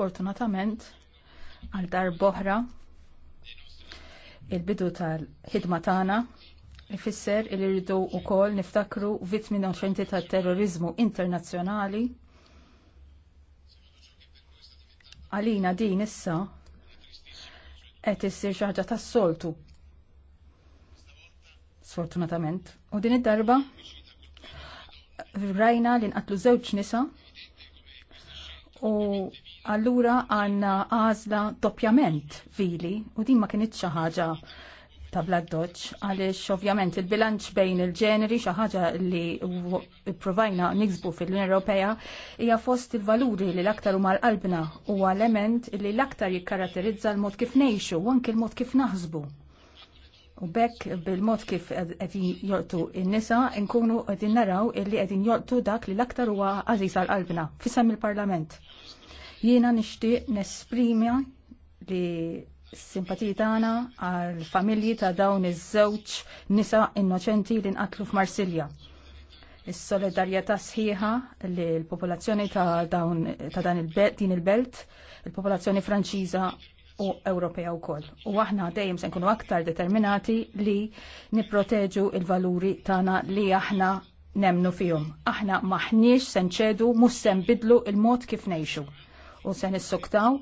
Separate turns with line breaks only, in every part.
Sfortunatament, għal dar boħra, il-bidu tal-ħidma tagħna ifisser il irridu wkoll niftakru vittmi noċenti tat-terrorizmu internazzjonali. Għalina din issa qed issir xi ħaġa tas-soltu. Sfortunatament. U din id-darba rajna li nqatlu żewġ nisa' U allura għanna għazla doppjament vili u din ma kienet xi ħaġa ta' bladdoċ għaliex ovvjament il-bilanċ bejn il-ġeneri xi ħaġa li provajna niksbu fil-Unjoni Ewropea hija fost il-valuri li l-aktar huma l-qalbna u element li l-aktar jikkaratterizza l-mod kif ngħixu u anke l-mod kif naħsbu. U bekk bil-mod kif għedin jortu il nisa nkunu qegħdin naraw illi qegħdin jortu dak li l-aktar huwa għażiż għal qalbna fisem il-Parlament. Jiena nixtieq nesprimja li s-simpatiji tagħna għal familji ta' dawn iż-żewġ nisa innoċenti li nqatlu f'Marsilja. Is-solidarjetà sħiħa li l-popolazzjoni ta' dawn ta' dan il-belt din il-belt, il-popolazzjoni Franċiża u Ewropea wkoll. U aħna dejjem se nkunu aktar determinati li nipproteġu il-valuri tagħna li aħna nemnu fihom. Aħna maħniex se nċedu mhux se nbidlu il-mod kif ngħixu u se nissuktaw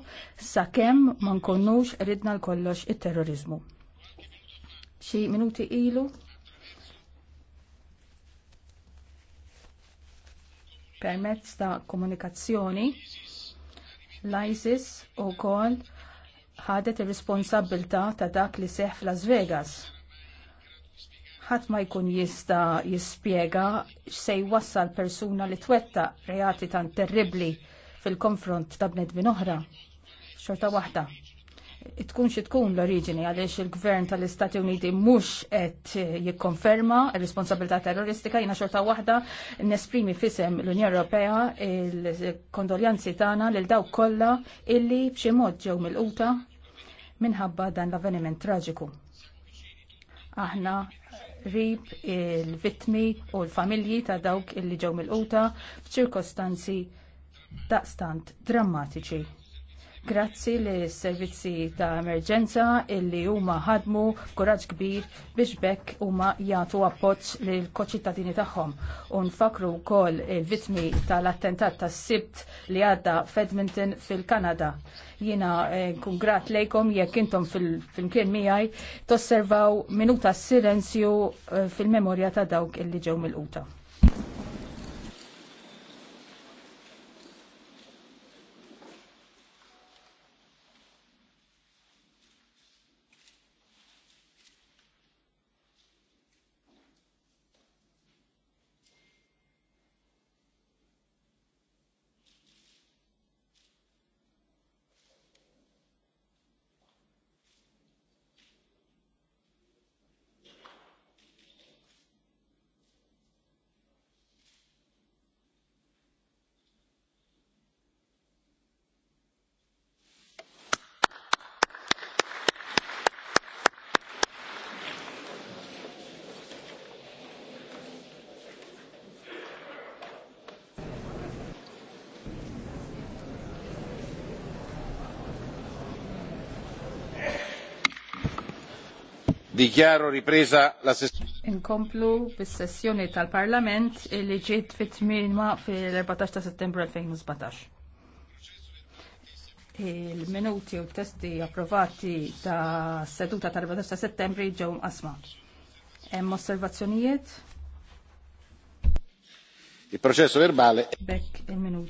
sakemm ma nkunux ridna l-kollox it-terrorizmu. Xi minuti ilu permezz ta' komunikazzjoni l-ISIS u kol ħadet ir-responsabilta ta' dak li seħ f'Las Vegas. Ħadd ma jkun jista jispjega x'se jwassal persuna li twetta reati tan terribli fil-konfront ta' bnedmin oħra. Xorta waħda. Tkun xi tkun l-oriġini għaliex il-Gvern tal-Istati Uniti mhux qed jikkonferma r-responsabilità terroristika jiena xorta waħda nesprimi fisem l-Unjoni Ewropea il-kondoljanzi tagħna lil dawk kollha illi b'xi mod ġew milquta minħabba dan l-avveniment traġiku. Aħna rib il-vitmi u l-familji ta' dawk illi ġew mill-quta f'ċirkostanzi daqstant drammatiċi. Grazzi li servizzi ta' emerġenza illi huma ħadmu kuraġġ kbir biex bekk huma jagħtu appoġġ lil koċittadini tagħhom. U nfakru wkoll il vittmi tal-attentat tas-sibt li għadda f'Edmonton fil-Kanada. Jiena eh, nkun eh, grat lejkom jekk intom fil-mkien miegħi tosservaw minuta silenzju eh, fil-memorja ta' dawk illi ġew mill-quta. Dikjaru ripresa la sessjoni. Inkomplu bis-sessjoni tal-Parlament li ġiet fit-8 fil-14 ta' settembru 2017. Il-minuti u testi approvati ta' seduta tal-14 ta' settembru ġew asma. Hemm osservazzjonijiet? Il-proċessu verbale. il-minuti.